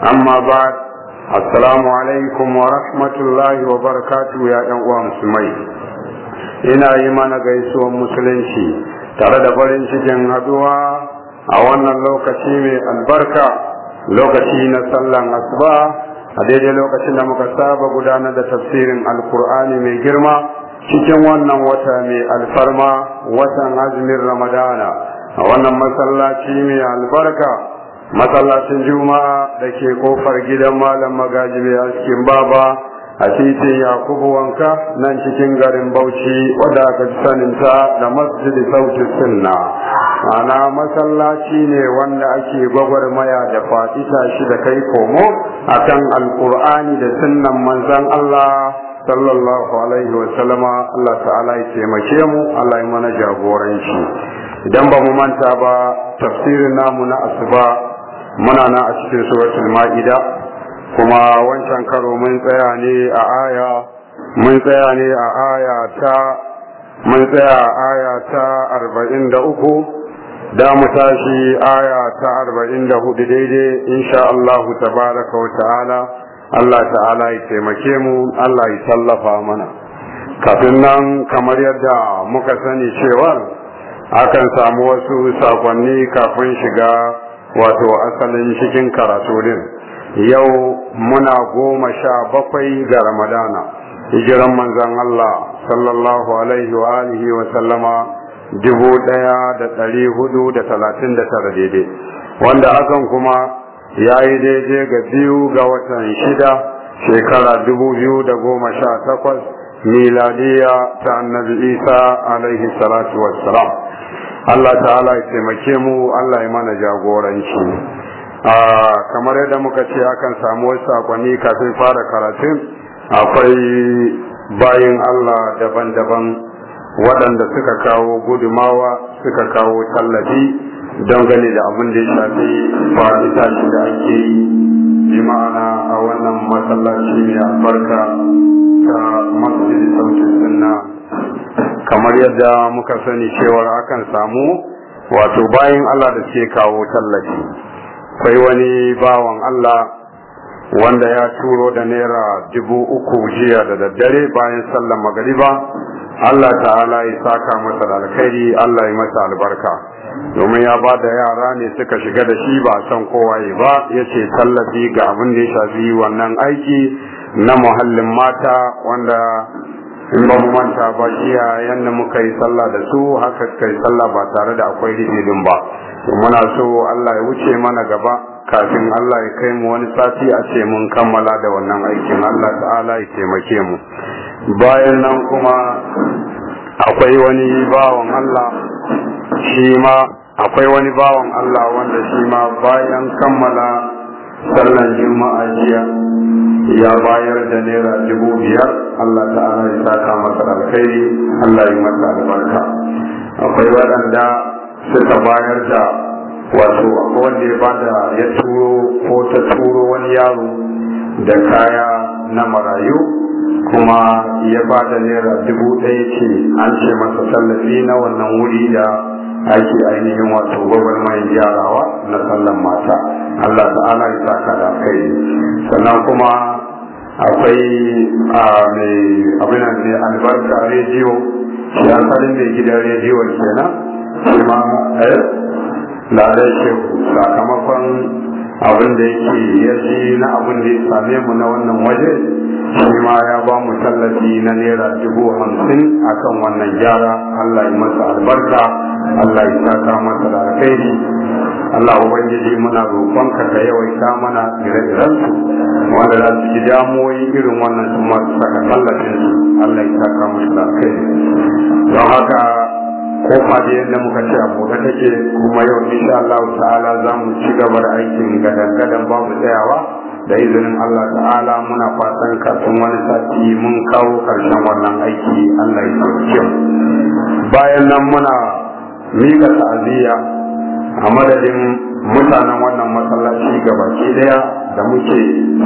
amma ba assalamu alaikum wa rahmatullahi wa barkatu ya yan uwa musulmai ina yi mana gaisuwan musulunci tare da farin cikin haduwa a wannan lokaci mai albarka lokaci na sallan asuba a daidai lokacin da muka saba gudanar da tafsirin alkur'ani mai girma cikin wannan wata mai alfarma watan azumin ramadana a wannan masallaci mai albarka masallacin juma'a da ke kofar gidan malam magajibi a cikin baba a titin yakubu wanka nan cikin garin bauchi wadda aka ci saninta da masjidi sauti sunna ma'ana masallaci ne wanda ake gwagwarmaya da fatita shi da kai komo a akan alkur'ani da sunnan manzan allah sallallahu alaihi wasallama Allah ta'ala ya taimake mu Allah ya mana jagoranci idan ba mu manta ba tafsirin namu na asuba muna nan a cikin suratul ma'ida kuma wancan karo mun tsaya ne a aya mun tsaya ne a aya ta mun tsaya a aya ta 43 da mu tashi aya ta 44 daidai insha Allah tabaraka wa ta'ala Allah ta'ala ya taimake mu Allah ya tallafa mana kafin nan kamar yadda muka sani cewa akan samu wasu sakonni kafin shiga wato asalin cikin karatu din yau muna goma sha bakwai ga ramadana hijiran manzan Allah sallallahu alaihi wa alihi wa sallama dubu daya da dari hudu da talatin da tara daidai wanda hakan kuma ya yi daidai ga biyu ga watan shida shekara dubu biyu da goma sha takwas miladiya ta annabi isa alaihi salatu wassalam Allah ta'ala ya taimake mu Allah ya mana jagoranci a kamar yadda muka ce akan samu wasu sakonni kafin fara karatun akwai bayin Allah daban-daban waɗanda suka kawo gudumawa suka kawo tallafi dangane da abin da ya shafi fa'ita da ake yi ma'ana a wannan masallaci mai albarka ta masjid sautin sunna kamar yadda muka sani cewar akan samu wato bayan Allah da ke kawo tallafi kai wani bawan Allah wanda ya turo da naira dubu uku jiya da daddare bayan sallar magariba Allah ta'ala ya saka masa da alkhairi Allah ya masa albarka domin ya ba da yara ne suka shiga da shi ba san kowa kowaye ba ya ce tallafi ga abin da ya shafi wannan aiki na muhallin mata wanda in ba mu manta ba jiya yadda muka yi sallah da su haka kai sallah ba tare da akwai hijidin ba muna so Allah ya wuce mana gaba kafin Allah ya kai mu wani sati a ce mun kammala da wannan aikin Allah ta'ala ya taimake mu bayan nan kuma akwai wani bawan Allah shi ma akwai wani bawan Allah wanda shi ma bayan kammala sallan juma'a jiya ya bayar da naira dubu biyar Allah ta'ala ya saka masa alkhairi Allah ya masa albarka akwai waɗanda suka bayar da wato akwai wanda ya bada ya turo ko ta turo wani yaro da kaya na marayu kuma ya bada naira dubu ɗaya ce an ce masa tallafi na wannan wuri da ake ainihin wato mai yarawa na sallan mata Allah ta'ala ya saka da kai sannan kuma akwai a mai abin ne albarka rediyo shi asalin mai gidan rediyo kenan shi ma dai eh, shehu sakamakon abin da yake ya ji na abin da ya same mu na wannan waje shi ma ya ba mu tallafi na naira dubu hamsin akan wannan gyara allah ya masa albarka allah ya saka masa da alkhairi Allah ubangiji muna roƙon ka yawaita mana ire-iren su wanda za su ji damuwoyi irin wannan su masu saka tallafin su Allah ya saka musu lafiya don haka ko faɗi yadda muka ce abota take kuma yau insha Allah ta'ala za mu ci gaba da aikin gadan-gadan babu tsayawa da izinin Allah ta'ala muna fatan kafin wani sati mun kawo karshen wannan aiki Allah ya sauke bayan nan muna miƙa ta'aziyya a madadin mutanen wannan masallaci gabaki daya da muke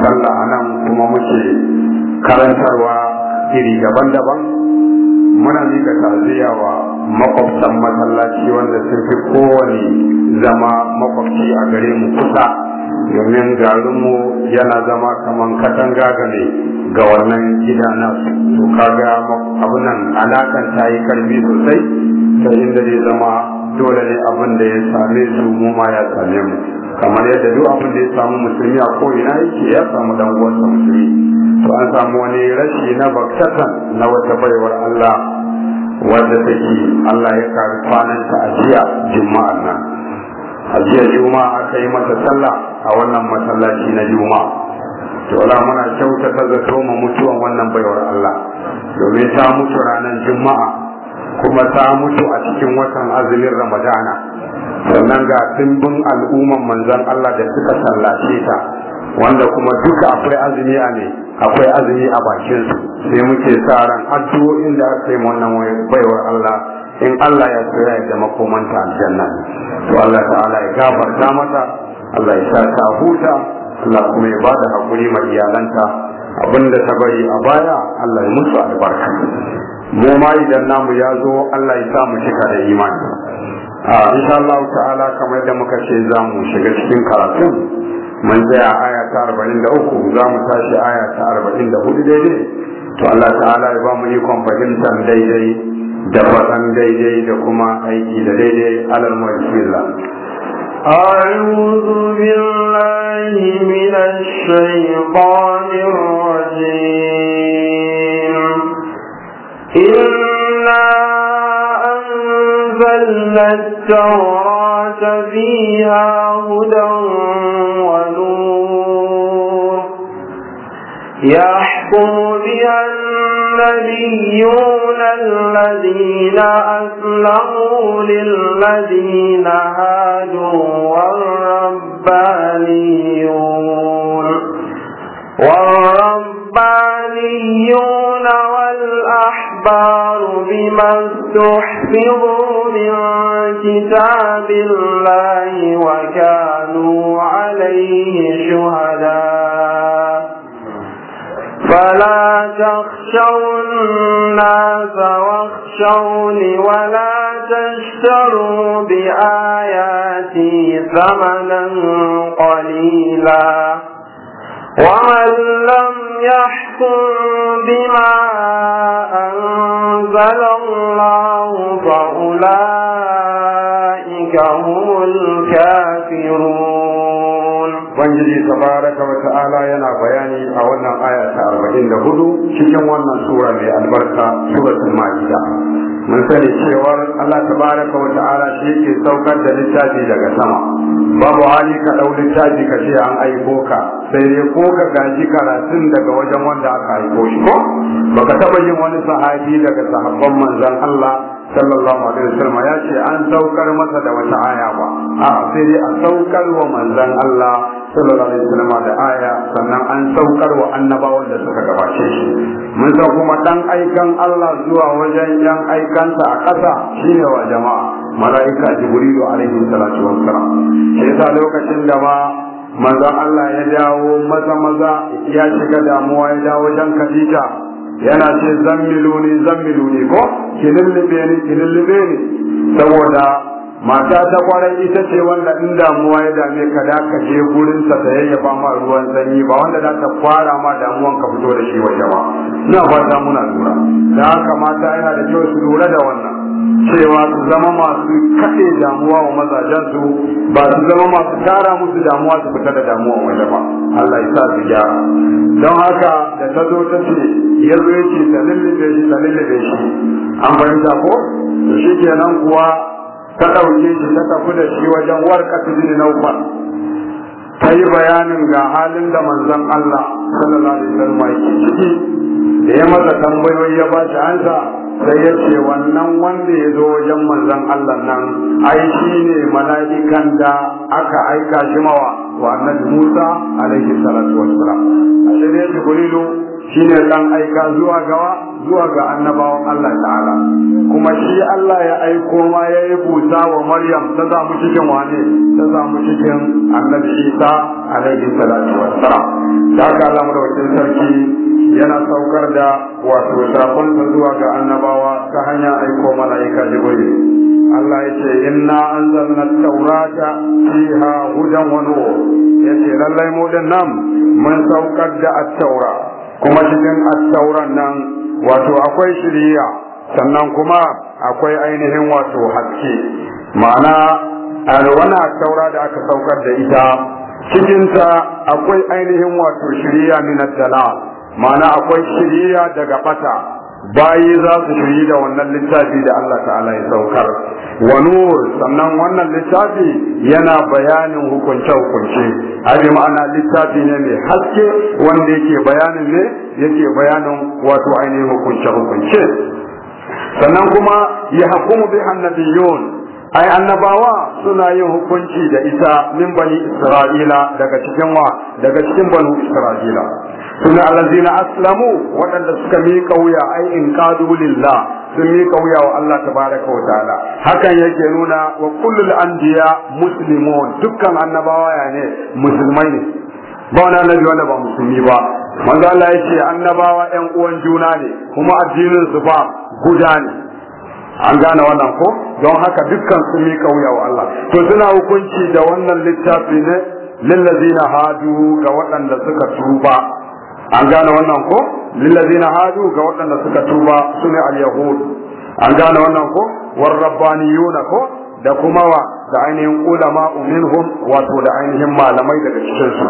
sallah a nan kuma muke karantarwa iri daban-daban muna da taziya wa makwabtan masallaci wanda sun fi kowane zama makwabci a gare mu kusa domin garinmu yana zama kamar katanga ga ne ga wannan gida na to kaga abunan alakan ta yi karfi sosai ta inda zai zama dole ne abin da ya same su mu ma ya same mu kamar yadda duk abin da ya samu musulmi a ko ina yake ya samu dan uwansa musulmi to an samu wani rashi na baktatan na wata baiwar Allah wanda take Allah ya kare kwananta a jiya juma'a nan a jiya juma'a aka yi mata sallah a wannan masallaci na juma'a to Allah muna kyautata zato mu mutuwan wannan baiwar Allah domin ta mutu ranar juma'a kuma ta mutu a cikin watan azumin ramadana sannan ga dimbin al'umman manzan Allah da suka sallace ta wanda kuma duka akwai azumi a ne akwai azumi a bakin su sai muke sa ran addu'o'in da aka yi wannan baiwar Allah in Allah ya so ya da makomanta aljanna to Allah ta'ala ya gafarta mata Allah ya sa ta huta Allah kuma ya bada hakuri ma iyalanta abinda ta bari a baya Allah ya musu albarka mu ma idan namu ya zo Allah ya sa mu cika da imani a insha Allah ta'ala kamar da muka ce za mu shiga cikin karatun mun tsaya aya ta 43 za mu tashi aya ta 44 daidai to Allah ta'ala ya ba mu ikon fahimtar daidai da faɗan daidai da kuma aiki da daidai alal bismillah أعوذ بالله من الشيطان الرجيم إنا أنزلنا التوراة فيها هدى ونور يحكم بها النبيون الذين أسلموا للذين هادوا والربانيون والرب الربانيون والأحبار بما استحفظوا من كتاب الله وكانوا عليه شهداء فلا تخشوا الناس واخشوني ولا تشتروا بآياتي ثمنا قليلا ومن لم يحكم بما أنزل الله فأولئك هم الكافرون Ubangiji tabaraka wa ta'ala yana bayani a wannan aya ta 44 cikin wannan sura mai albarka suratul Maida mun sani cewar Allah tabaraka wa shi ke saukar da littafi daga sama babu hali ka dau littafi ka ce an aiko ka sai dai ko ka gaji karatun daga wajen wanda aka haifo shi ko baka taba yin wani sahabi daga sahabban manzon Allah sallallahu alaihi wasallam ya ce an saukar masa da wata aya ba a sai dai a saukar wa manzon Allah sallallahu alaihi wasallam da aya sannan an saukar wa annabawan da suka gabace shi mun san kuma dan aikan Allah zuwa wajen yan aikansa a ƙasa shine wa jama'a mala'ika jibrilu alaihi salatu wassalam sai lokacin da ba maza Allah ya dawo maza maza ya shiga damuwa ya dawo dan Khadija yana ce zammiluni zammiluni ko ki lullube ni ki lullube ni saboda mata ta kwarai ita ce wanda in damuwa ya dame ka da ka je gurin sa ta yayyafa ma ruwan sanyi ba wanda za ta fara ma damuwan ka fito da shi waje ba ina fata muna lura da haka mata yana da kyau su lura da wannan cewa su zama masu kaɗe damuwa wa mazajen su ba su zama masu tara musu damuwa su fita da damuwa wanda ba Allah ya sa su gyara don haka da ta zo ta ce ya zo yake ta lullube shi ta lullube shi an fahimta ko shi kenan kuwa ta ɗauke shi ta tafi da shi wajen warka su jini ta yi bayanin ga halin da manzon Allah sallallahu alaihi wasallam yake ciki da ya masa tambayoyi ya ba shi ansa sai ya ce wannan wanda ya zo wajen manzon Allah nan ai shi ne mala'ikan da aka aika shi mawa wa annabi Musa alaihi salatu wassalam a ne Jibrilu Shi ne ɗan aika zuwa gawa zuwa ga annabawan Allah ta'ala kuma shi Allah ya aiko ma ya yi kusa wa Maryam ta zamu cikin wane ta zamu cikin annabi Isa alaihi salatu wassalam da ka lamar wakil sarki yana saukar da wato sakon zuwa ga annabawa ta hanya aiko mala'ika Jibril Allah ya ce inna anzalna taurata fiha hudan wa nur yace lallai mu nan mun saukar da at-taura kuma cikin asauran nan wato akwai shiriya sannan kuma akwai ainihin wato haske ma'ana wani asaura da aka saukar da ita cikinta akwai ainihin wato shiriya na dala ma'ana akwai shiriya daga fata bayi za su shiri da wannan littafi da Allah ta'ala ya saukar wa nur sannan wannan littafi yana bayanin hukunce hukunce abi ma'ana littafi ne mai haske wanda yake bayanin ne yake bayanin wato ainihin hukuncen hukunce sannan kuma ya hukumu bi annabiyun ai annabawa suna yin hukunci da ita min bani isra'ila daga cikin wa daga cikin banu isra'ila suna allazina aslamu waɗanda suka miƙa wuya ai in kadu lillah sun yi wuya wa Allah ta tabaraka wa ta'ala hakan yake nuna wa kullul anbiya muslimun dukkan annabawa ya ne musulmai ne ba wani annabi wanda ba musulmi ba manzo Allah ya ce annabawa ƴan uwan juna ne kuma addinin su ba guda ne an gane wannan ko don haka dukkan sun yi wuya wa Allah to suna hukunci da wannan littafi ne lillazina hadu ga waɗanda suka tuba an gane wannan ko lillazina hadu ga waɗanda suka tuba sune al-yahud an gane wannan ko war rabbaniyuna ko da kuma wa da ainihin ulama minhum wato da ainihin malamai daga cikin su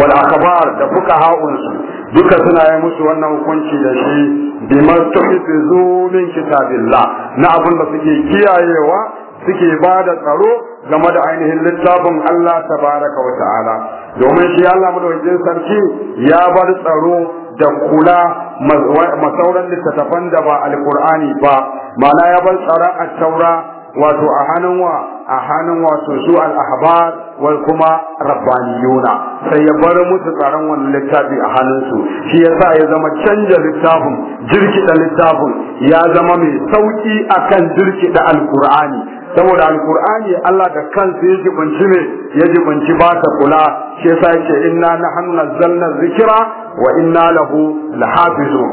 wal akhbar da fuka haun su duka suna yi musu wannan hukunci da shi bima tuhfizu min kitabillah na abin da suke kiyayewa suke ba da tsaro game da ainihin littafin Allah tabaraka wa ta'ala domin shi Allah madaukakin sarki ya bar tsaro da kula masauran littattafan da ba alqur'ani ba ma'ana ya bar tsaron taura wato a hannun wa a hannun wato su al-ahbar wal kuma rabbaniyuna sai ya bar musu tsaron wannan littafi a hannunsu shi yasa ya zama canja littafin da littafin ya zama mai sauki akan da alkur'ani saboda alkur'ani Allah da kansa ya bunci ne ya bunci ba ta kula shi yasa yake inna nahnu nazzalna dhikra wa inna lahu lahafizu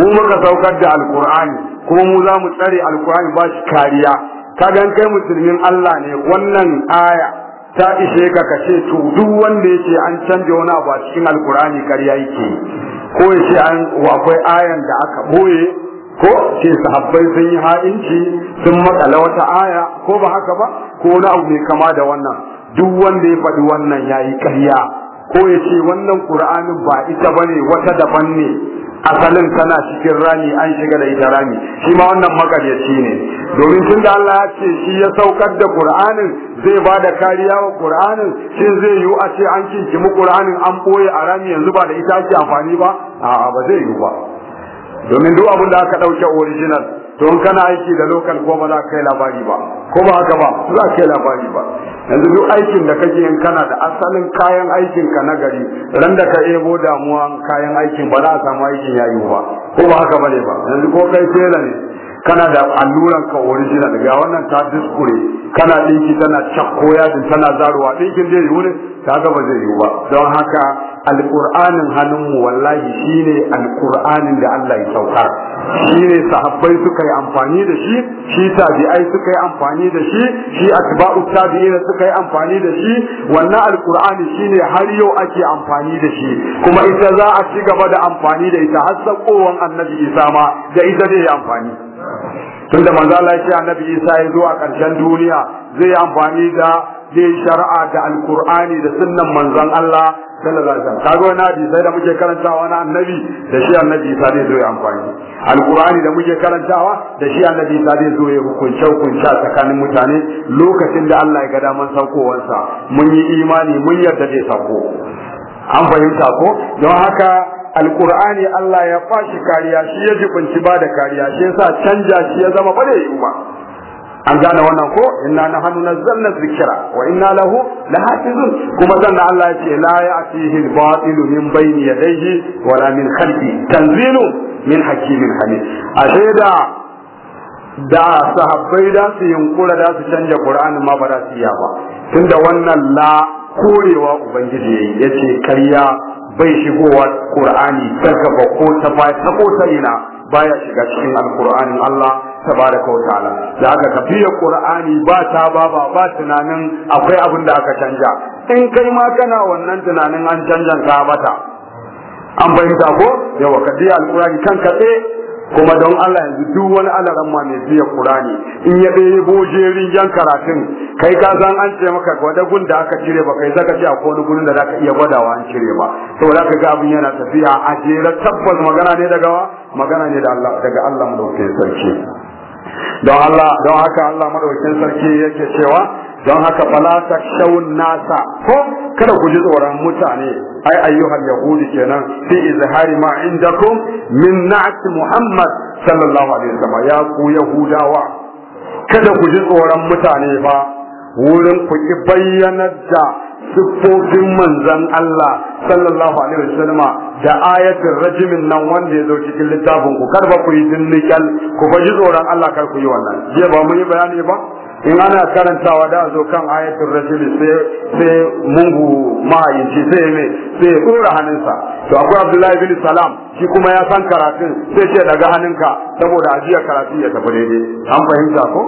mu muka saukar da alkur'ani kuma mu za mu tsare alkur'ani ba shi kariya kaga kai musulmin Allah ne wannan aya ta ishe ka kace to duk wanda yake an canza wani abu a cikin alkur'ani kariya yake ko yace an akwai ayan da aka boye ko ce sahabbai sun yi ha'inci sun matsala wata aya ko ba haka ba ko wani abu mai kama da wannan duk wanda ya faɗi wannan ya yi ƙarya ko ya ce wannan ƙur'anin ba ita ba ne wata daban ne asalin tana cikin rani an shiga da ita rani. shi ma wannan makaryaci ne domin sun da Allah ya ce shi ya saukar da Qur'anin zai ba da kariya wa ƙur'anin shin zai yiwu a ce an kinkimi ƙur'anin an ɓoye a rami yanzu ba da ita ake amfani ba a'a ba zai yiwu ba domin duk abin da aka ɗauke original to in kana aiki da local ko ba za ka yi labari ba ko ba haka ba za ka yi labari ba yanzu duk aikin da kake yin kana da asalin kayan aikin ka na gari ran da ka ebo damuwa kayan aikin ba za a samu aikin yayi ba ko ba haka bane ba yanzu ko kai tela ne kana da alluran ka original ga wannan ta diskure kana dinki tana cakko yadin tana zaruwa dinkin zai yiwu ne ta gaba zai yiwu ba don haka alƙur'anin hannunmu wallahi ne alƙur'anin da Allah ya saukar ne sahabbai suka yi amfani da shi shi tabi'ai suka yi amfani da shi shi atba'u tabi'in suka yi amfani da shi wannan alƙur'ani shine har yau ake amfani da shi kuma ita za a ci gaba da amfani da ita har sakowan annabi Isa ma da ita zai yi amfani tunda manzo Allah ya annabi Isa ya zo a ƙarshen duniya zai yi amfani da shari'a da alqur'ani da sunnan manzon Allah sallallahu alaihi wasallam kaga wani sai da muke karantawa na annabi da shi annabi Isa zai zo ya amfani alkur'ani da muke karantawa da shi annabi Isa zai zo ya hukunta hukunta tsakanin mutane lokacin da Allah ya ga daman saukowarsa mun yi imani mun yarda da sako an fahimta ko don haka alkur'ani Allah ya fashi kariya shi ya jibinci ba da kariya shi yasa canja shi ya zama ba da ba an gane wannan ko inna nahnu nazzalna dhikra wa inna lahu lahafizun kuma zanna Allah yace la ya'tihi al-batilu min bayni yadayhi wala min khalfi tanzilu min hakimin hamid ashe da da sahabbai da su yunkura da su canja qur'ani ma ba da su iya ba tunda wannan la korewa ubangiji ya yace karya bai shigowa qur'ani sarkafa ko ta ba ta ko ta baya shiga cikin alqur'anin Allah tabaraka wa ta'ala da aka kafiya qur'ani ba ta ba ba ba tunanin akwai abin da aka canja in kai ma kana wannan tunanin an canja ka bata an bayyana ko yawa al alqur'ani kan katse kuma don Allah yanzu duk wani alaran ma mai biya Qur'ani in ya yi bojerin yan karatun kai ka san an ce maka gwada gun da aka cire ba kai zaka ji a wani gun da zaka iya gwadawa an cire ba to zaka ga abin yana tafiya a jera tabbas magana ne daga wa? magana ne da Allah daga Allah mu sarki don Allah don haka Allah madaukakin sarki yake cewa don haka fala takshawun nasa ko kada ku ji tsoron mutane ai ayyuhal yahudi kenan fi izhari ma indakum min na'at muhammad sallallahu alaihi wasallam ya ku yahudawa kada ku ji tsoron mutane ba wurin ku ki bayyanar da siffofin manzon Allah sallallahu alaihi wasallam da ayatin rajimin nan wanda ya zo cikin littafin ku kar ba ku yi dinnikal ku ba ji tsoron Allah kar ku yi wannan jiya ba mu yi bayani ba in ana karantawa da zo kan ayatul rajul sai sai mungu mahayinci sai me sai kura hannunsa to akwai abdullahi bin salam shi kuma ya san karatun sai ce daga hannunka saboda ajiya karatu ya tafi daidai an fahimta ko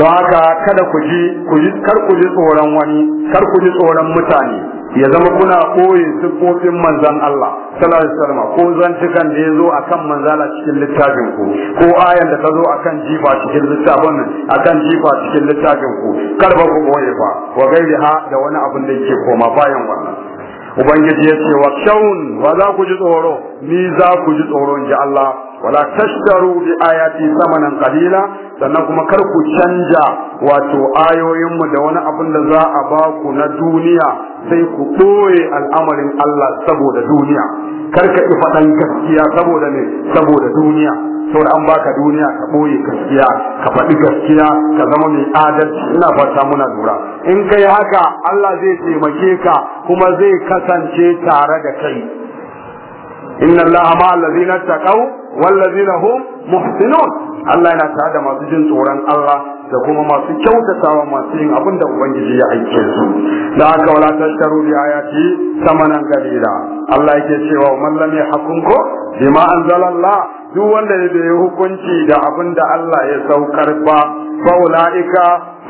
don haka kada ku ji ku ji kar ku ji tsoron wani kar ku ji tsoron mutane ya zama kuna koyi siffofin manzon Allah sallallahu alaihi wasallam ko zantukan da ya zo akan manzala cikin littafin ku ko ayan da ta zo akan jifa cikin littafin nan akan jifa cikin littafin ku kar ba ku goye fa wa gairiha da wani abin da yake koma bayan wannan ubangiji ya ce wa shawun ba za ku ji tsoro ni za ku ji tsoro ji Allah wala tashtaru bi ayati samanan qalila sannan kuma kar ku canja wato mu da wani abin da za a ba ku na duniya sai ku ɓoye al'amarin Allah saboda duniya kar ka ki faɗan gaskiya saboda ne saboda duniya saboda an baka duniya ka ɓoye gaskiya ka faɗi gaskiya ka zama mai adalci ina fata muna lura in kai haka Allah zai taimake ka kuma zai kasance tare da kai inna allaha ma allazina taqaw wallazina hum muhsinun Allah yana tare da masu jin tsoron Allah da kuma masu kyautatawa masu yin abin da ubangiji ya aike su da aka wala tashtaru bi ayati samanan qalila Allah yake cewa man lam yahkumku bima anzalallah duk wanda ya bai hukunci da abin da Allah ya saukar ba fa ulaika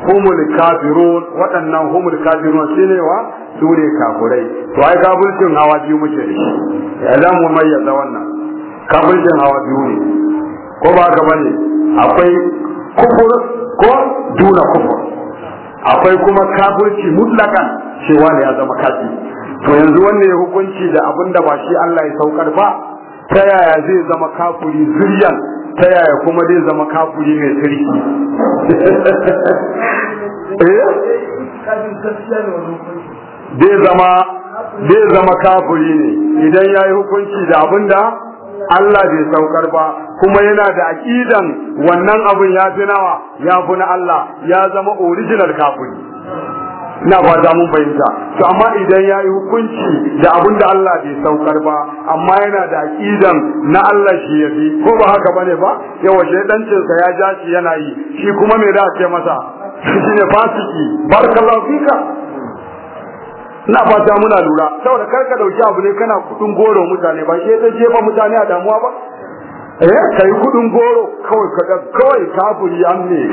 humul kafirun waɗannan humul kafirun shine wa su kafurai to ai kafircin hawa biyu muke da shi ya za mu mayyaza wannan kafircin hawa biyu ne ko ba ka bane akwai kufur ko duna kufur akwai kuma kafirci mutlaka, cewa ne ya zama kafi to yanzu wanne ya hukunci da abin da ba shi Allah ya saukar ba ta yaya zai zama kafuri zuriyan ta yaya kuma zai zama kafuri mai kirki eh zai zama kafuri ne idan ya yi hukunci da abin da Allah bai saukar ba kuma yana da aƙidan wannan abin ya fi nawa ya fi na Allah ya zama original kafiri na ba da mun fahimta to amma idan ya yi hukunci da abin da Allah bai saukar ba amma yana da aƙidan na Allah shi ya fi ko ba haka bane ba yawa shaidancin sa ya ja yana yi shi kuma me da ce masa shi ne fasiki barkallahu fika ina fata muna lura saboda kar ka dauki abu ne kana kudin goro mutane ba shi ta jefa mutane a damuwa ba eh kai kudin goro kawai ka kawai kafuri an ne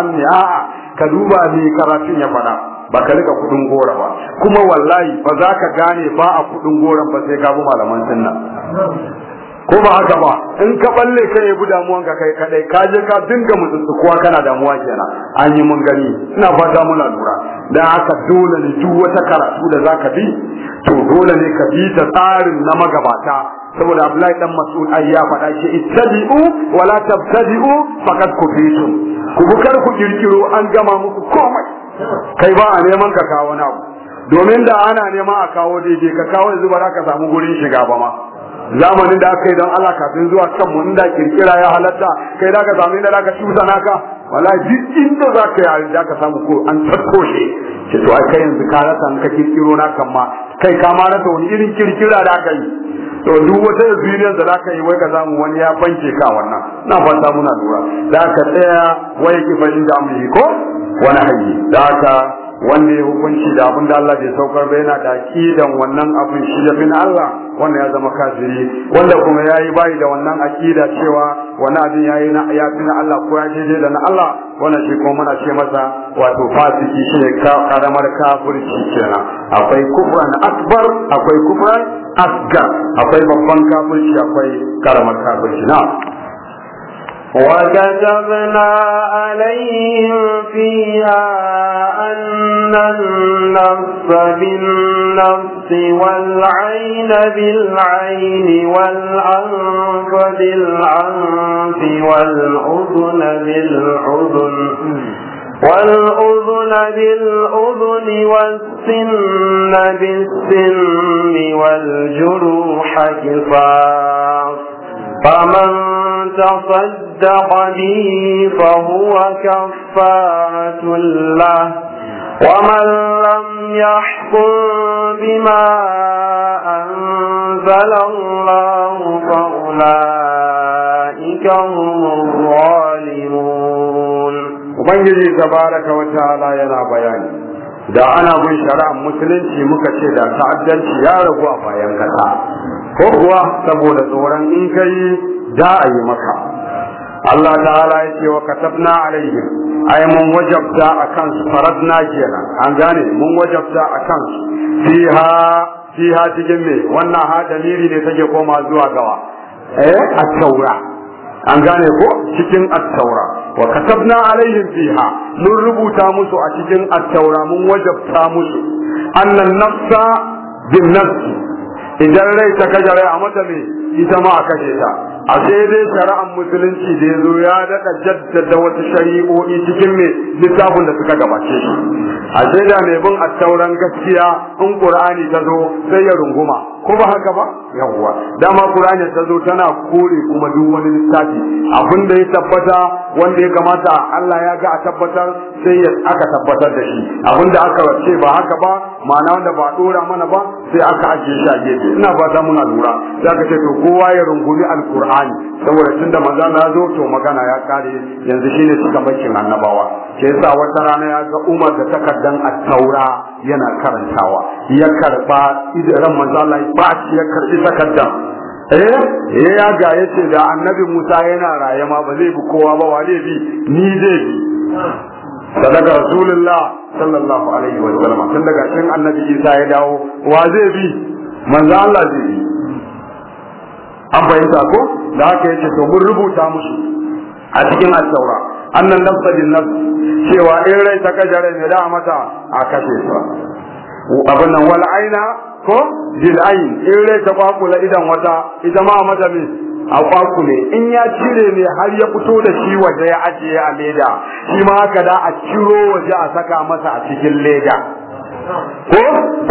an ne a'a ka duba ne karatun ya fada ba ka rika kudin goro ba kuma wallahi ba za ka gane ba a kudin goron ba sai ka bi malaman sunna ko ba haka ba in ka balle ka yi bi ka kai kadai ka je ka dinga mutuntukuwa kana damuwa kenan an yi mun gani ina fata muna lura da haka dole ne duk wata karatu da zaka bi to dole ne ka bi ta tsarin na magabata saboda Abdullahi dan Mas'ud ai ya faɗa shi ittabi'u wa la tabtadi'u faqad kufitum ku bukar ku kirkiro an gama muku komai kai ba a neman ka kawo na domin da ana nema a kawo daidai ka kawo yanzu ba za ka samu gurin shiga ba ma zamanin da aka yi don Allah kafin zuwa kanmu inda kirkira ya halatta kai da ka samu inda za ka tusa naka wala duk inda za ka yi za ka samu ko an tsakko shi ce to ai kai yanzu ka rasa ka kirkiro na kan ma kai ka ma rasa wani irin kirkira da aka yi to duk wata zuriyar da za ka yi wai ka samu wani ya banke ka wannan na fata muna lura Za ka tsaya wai ki inda da yi ko wani hayyi da ka wanda hukunci da abin da Allah bai saukar ba yana da akidan wannan abin shi da bin Allah wanda ya zama kafiri wanda kuma yayi bayi da wannan akida cewa wani abin yayi na ya fi na Allah ko ya je da na Allah wannan shi kuma muna ce masa wato fasiki shine karamar kafirci kenan akwai kufran akbar akwai kufran asgar akwai babban kafirci akwai karamar kafirci na وكتبنا عليهم فيها أن النفس بالنفس والعين بالعين والأنف بالأنف والأذن بالأذن والأذن بالأذن والسن بالسن والجروح كفاف فمن تصدق به فهو كفارة له ومن لم يحكم بما أنزل الله فأولئك هم الظالمون ومن تبارك وتعالى يلا بياني da ana bin shari'ar musulunci muka ce da ta'addanci ya ragu a bayan kasa ko kuwa saboda tsoron in kai da a yi maka Allah ta'ala ya ce wa katabna alaihim ai mun wajabta akan su faradna kenan an gane mun wajabta akan su fiha fiha cikin me wannan ha dalili ne take koma zuwa gawa eh at-taura an gane ko cikin at-taura wa katabna alaihim fiha mun rubuta musu a cikin attaura, mun wajabta musu annan nafsa bin nafsi idan rai ta kajare a mata me ita ma a kashe ta a sai dai shari'ar musulunci da ya zo ya daɗa jaddada wata shari'o'i cikin mai littafin da suka gabace shi a sai da mai bin attauran gaskiya in ƙur'ani ta zo sai ya runguma ko ba haka ba yawwa dama qur'ani ta zo tana kore kuma duk wani littafi abin da ya tabbata wanda ya kamata Allah ya ga a tabbatar sai ya aka tabbatar da shi abin da aka ce ba haka ba ma'ana wanda ba a ɗora mana ba sai aka ajiye shi a gefe ina fata muna lura za ka ce to kowa ya rungumi alkur'ani saboda tunda maza na zo to magana ya kare yanzu shine suka bakin annabawa ke yasa wata rana ya ga umar da takardan taura yana karantawa ya karba idan maza na ba shi ya karbi takardan eh eh ya ga yace da annabi Musa yana raye ma ba zai bi kowa ba wa zai bi ni zai bi sadaka rasulullah sallallahu alaihi wa sallam tun daga cikin annabi isa ya dawo wa zai bi manzo Allah zai bi an fahimta ko da haka yace to mun rubuta musu a cikin al-taura annan nafsa bin nafs cewa in rai ta kaje rai ne da mata a kashe ta abin nan wal aina ko bil ain in rai ta kwakula idan wata ita ma mata min a kwakule in ya cire ne har ya fito da shi waje ya ajiye a leda shi ma haka da a ciro waje a saka masa a cikin leda ko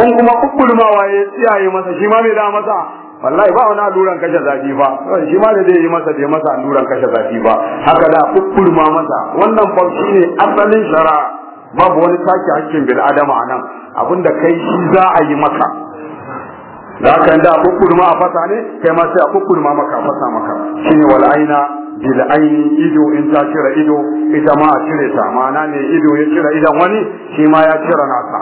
in kuma kukkulmawa ya tsiyaye masa shi ma mai da masa wallahi ba wani alluran kashe zafi ba shi ma da zai yi masa da masa alluran kashe zafi ba haka da kukulma masa wannan fa ne asalin shara babu wani sake hakkin bil adama anan abinda kai shi za a yi maka da haka inda a kukkurma a fasa ne kai ma sai a kukkurma maka a fasa maka ne wal aina bil aini ido in ta cire ido ita ma a cire ta ma'ana ne ido ya cire idan wani shi ma ya cire nasa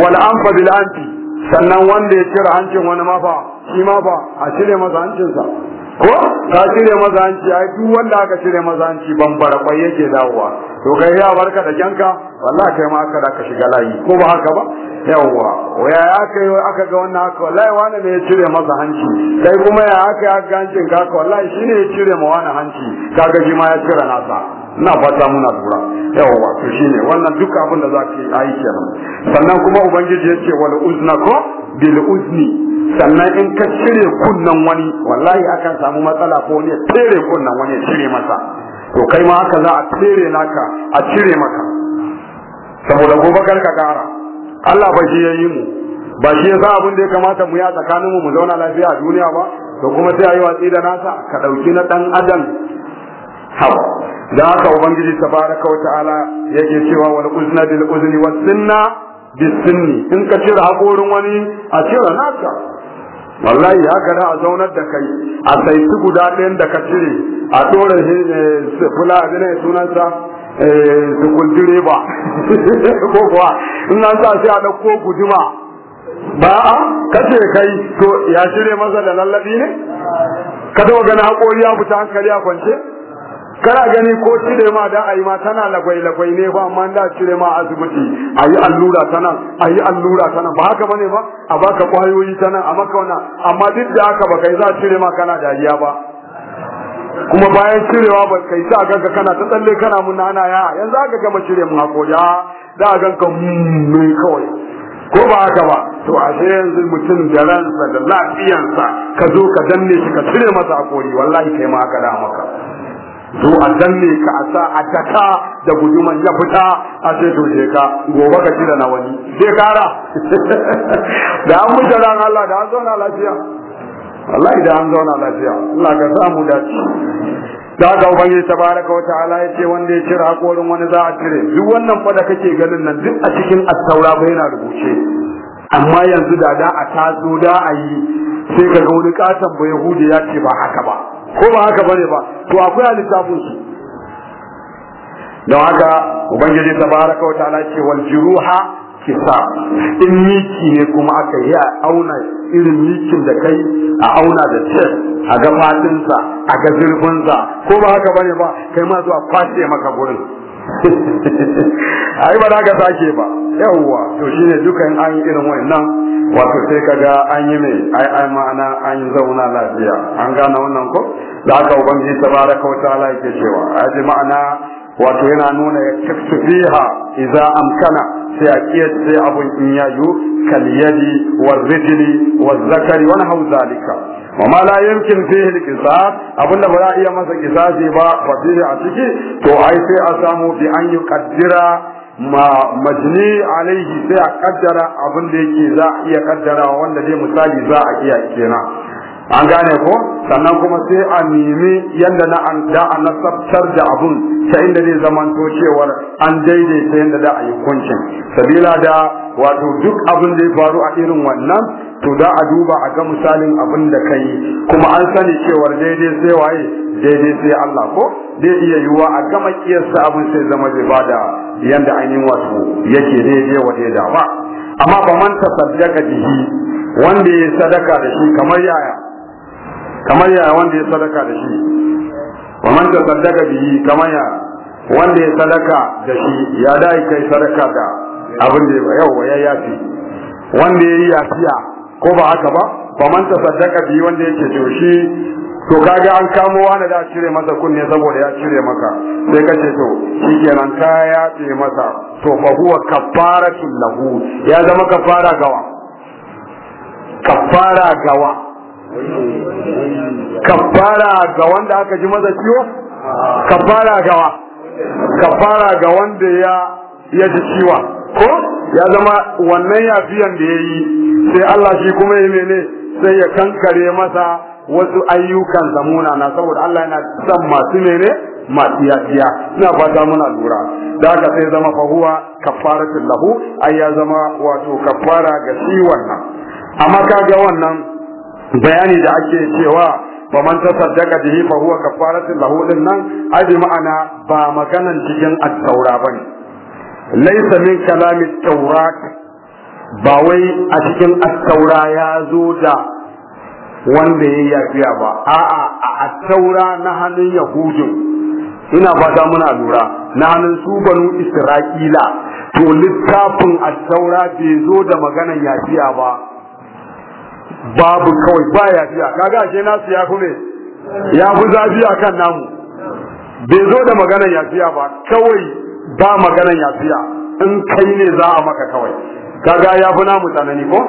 wal anfa bil anfi sannan wanda ya cire hancin wani ma fa shi ma ba a cire masa hancinsa ko ta cire masa hanci ai duk wanda aka cire masa hanci ban barakwai yake dawowa to kai ya barka da kyanka wallahi kai ma aka da ka shiga layi ko ba haka ba yawwa waya aka yi aka ga wannan haka wallahi wani ne ya cire masa hanci sai kuma ya aka ya aka hancin ka haka wallahi shine ya cire ma wani hanci kaga shi ma ya cire nasa ina fata muna lura yawwa to shine wannan duk abin da zaka yi ayi kenan sannan kuma ubangiji yace wal uzna ko bil uzni sannan in ka cire kunnan wani wallahi akan samu matsala ko ne cire kunnan wani ya cire masa to kai ma haka za a cire naka a cire maka saboda gobe kar ka kara Allah ba shi ya yi mu ba shi yasa abin da ya kamata mu ya tsakanin mu mu zauna lafiya a duniya ba to kuma sai ayi watsi da nasa ka dauki na dan adam ha da haka ubangiji tabaraka wa ta'ala yake cewa wal uzna bil uzni was sunna bis sunni in ka cire hakorin wani a cire nasa wallahi ya gada a zaunar da kai a saiti guda ɗayan da ka cire a ɗora eh, fula abin sunansa tukun eh, direba ko kuwa in an sa sai a ɗauko guduma ba a kace kai to ya shirya masa da lallabi ne ka taɓa gani hakori ya fita hankali a kwance kana gani ko cire ma da ayi ma tana lagwai lagwai ne ba amma da cire ma asibiti ayi allura tana ayi allura tana ba haka bane ba a baka kwayoyi tana a maka wannan amma duk da haka ba kai za cire ma kana dariya ba kuma bayan cirewa ba kai sa ganka kana ta tsalle kana mun nana ya yanzu aka gama cire mun hakoya da ganka me kawai ko ba haka ba to a sai yanzu mutum da ransa da lafiyansa ka zo ka danne shi ka cire masa hakori wallahi kai ma aka da maka to a danne ka a sa a daka da guduman ya fita a sai to je ka gobe ka da na wani sai kara da an mutaran Allah da an zauna lafiya Allah idan an zauna lafiya Allah ka samu dace da ga ubangiji tabaraka wa ta'ala yace wanda ya cire hakorin wani za a cire duk wannan fa kake ganin nan duk a cikin at-taura ba yana rubuce amma yanzu da da a tazo da a yi sai ka ga wani katan ba yahudi ya ce ba haka ba ko ba haka bane ba to akwai littafin su don haka ubangiji tabaraka wa ta'ala ce wal juruha kisa in miki ne kuma aka yi a auna irin mikin da kai a auna da cef a ga fatinsa a ga zirfinsa ko ba haka bane ba kai ma zuwa kwashe maka gurin ai ba za ka sake ba yawwa to shine ne an yi irin wannan wato sai ka ga an yi mai ai ai ma'ana an zauna lafiya an gane wannan ko da haka ubangiji tabaraka wa ta'ala yake cewa ji ma'ana wato yana nuna ya kaftu fiha idza amkana sai a kiyar sai abun in yayu Kalyadi, wa wal rijli wal zakari wa nahu zalika wa la yumkin fihi al abunda ba za iya masa qisasi ba fa fihi a ciki to ai sai a samu bi an yuqaddira ma majni alaihi sai a kaddara abin da yake za a iya kaddara wanda dai misali za a iya kenan an gane ko sannan kuma sai a nemi yadda na an da a nasabtar da abun ta inda zai zamanto cewar an daidaita yadda da a yi kuncin sabila da wato duk abin da ya faru a irin wannan to da a duba a ga misalin abin da ka yi kuma an sani cewar daidai sai waye daidai sai Allah ko zai iya yiwuwa a gama kiyarsa abin sai zama zai bada yadda ainihin wato yake daidai wa daidai ba amma ba man tasaddaka bihi wanda ya sadaka da shi kamar yaya kamar ya wanda ya sadaka da shi wa man sadaka bihi kamar ya wanda ya sadaka da shi ya dai kai sadaka da abin da ya yau ya yafi wanda ya yi yafiya ko ba haka ba fa man sadaka bihi wanda ya ce, to shi to kaga an kamo wani da cire masa kunne saboda ya cire maka sai ka ce to shi shikenan ka ya ce masa to fa huwa kafaratul lahu ya zama kafara gawa kafara gawa kafara ga wanda aka ji maza ciwo kafara gawa kafara ga wanda ya ya ji ciwa ko ya zama wannan yafiyan da ya yi sai Allah shi kuma ya mene sai ya kankare masa wasu ayyukan zamuna na saboda Allah yana san masu mene masu yafiya ina fata muna lura da haka sai zama fahuwa kafaratul lahu ai ya zama wato kafara ga ciwon nan amma kaga wannan bayani da ake cewa ba man tasaddaqa bihi fa huwa kafaratun lahu din nan ma'ana ba maganan cikin at-taura bane laysa min kalamit taura, ba wai a cikin at-taura ya zo da wanda ya yafiya ba a'a a at-taura na hannun yahudu ina fata muna lura na hannun su banu isra'ila to littafin at-taura bai zo da maganan yafiya ba babu kawai baya biya kaga ashe nasu ya fi ya fi zafi kan namu bai zo da maganar yafiya ba kawai ba maganar yafiya in kai ne za a maka kawai kaga ya fi namu tsanani ko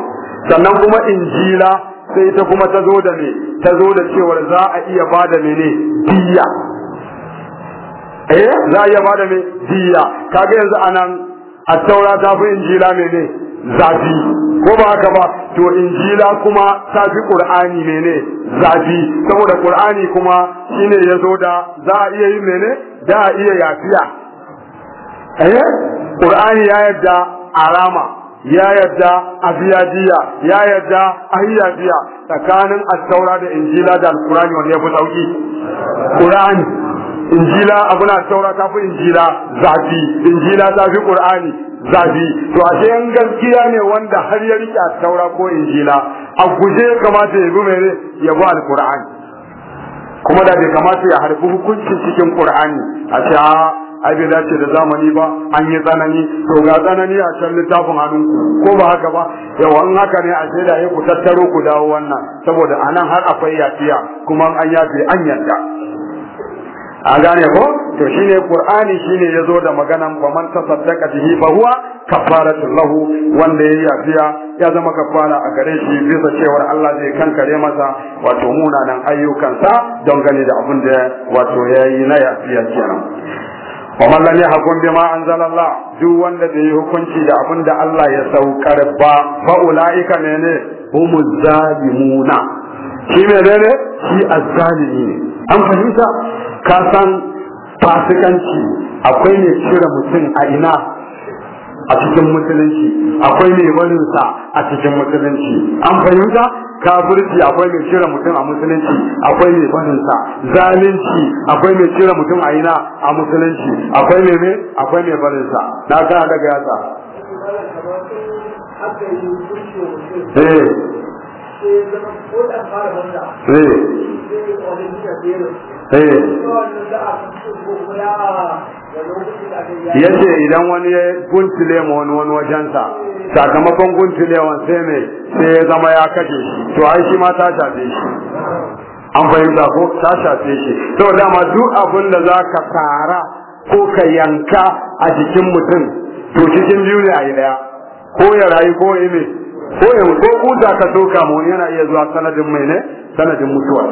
sannan kuma injila sai ta kuma ta zo da me ta zo da cewar za a iya ba da mene diya eh za a iya ba da me diya kaga yanzu anan a taura ta fi injila mene zafi ko ba haka ba to injila kuma ta fi qur'ani mene zafi saboda qur'ani kuma shine yazo da za a iya yin mene da a iya yafiya eh qur'ani ya yadda alama, ya yadda a ya yadda ahiyadiya tsakanin attaura da injila da alkurani wanda ya fi sauki qur'ani injila abuna taura ta fi injila zafi injila ta fi qur'ani zafi to a ce gaskiya ne wanda har ya rike a taura ko injila a guje kamata ya bi mene ya bi alkur'an kuma da bai kamata ya harbi hukuncin cikin qur'ani a ce a ah, ai bai dace da zamani ba an yi tsanani to ga tsanani a can littafin hannun ko ba haka ba yawa in haka ne a ce da ku tattaro ku dawo wannan saboda anan har akwai yafiya kuma an yafi an yarda a gane ko to shine qur'ani shine yazo da maganan wa man tasaddaqa bihi fa huwa kafaratu lahu wanda yayi yafiya ya zama kafara a gare shi bisa cewar Allah zai kankare masa wato munanan ayyukansa don gani da abin da wato yayi na yafiya kenan ومن لم hakun بما انزل duk wanda da yi hukunci da abin da Allah ya saukar ba fa ulaika ne humu zalimuna shi menene shi azzalimi an fahimta ka san fasikanci akwai ne cire mutum a ina a cikin musulunci akwai ne barinsa a cikin musulunci an fahimta kafirci akwai mai cire mutum a musulunci akwai mai barinsa zalunci akwai mai cire mutum a ina a musulunci akwai mai mai akwai mai barinsa na kana daga yasa sai eh. ya idan wani ya guntule ma wani wani wajensa sakamakon guntulewan sai mai sai ya zama ya kashe shi to ai shi ma ta shafe shi an fahimta ko ta shafe shi to dama duk abin da za ka fara ko ka yanka a jikin mutum to cikin biyu ne a yi daya ko ya rayu ko ya ko yau ko kuta ka doka mu yana iya zuwa sanadin mai ne sanadin mutuwa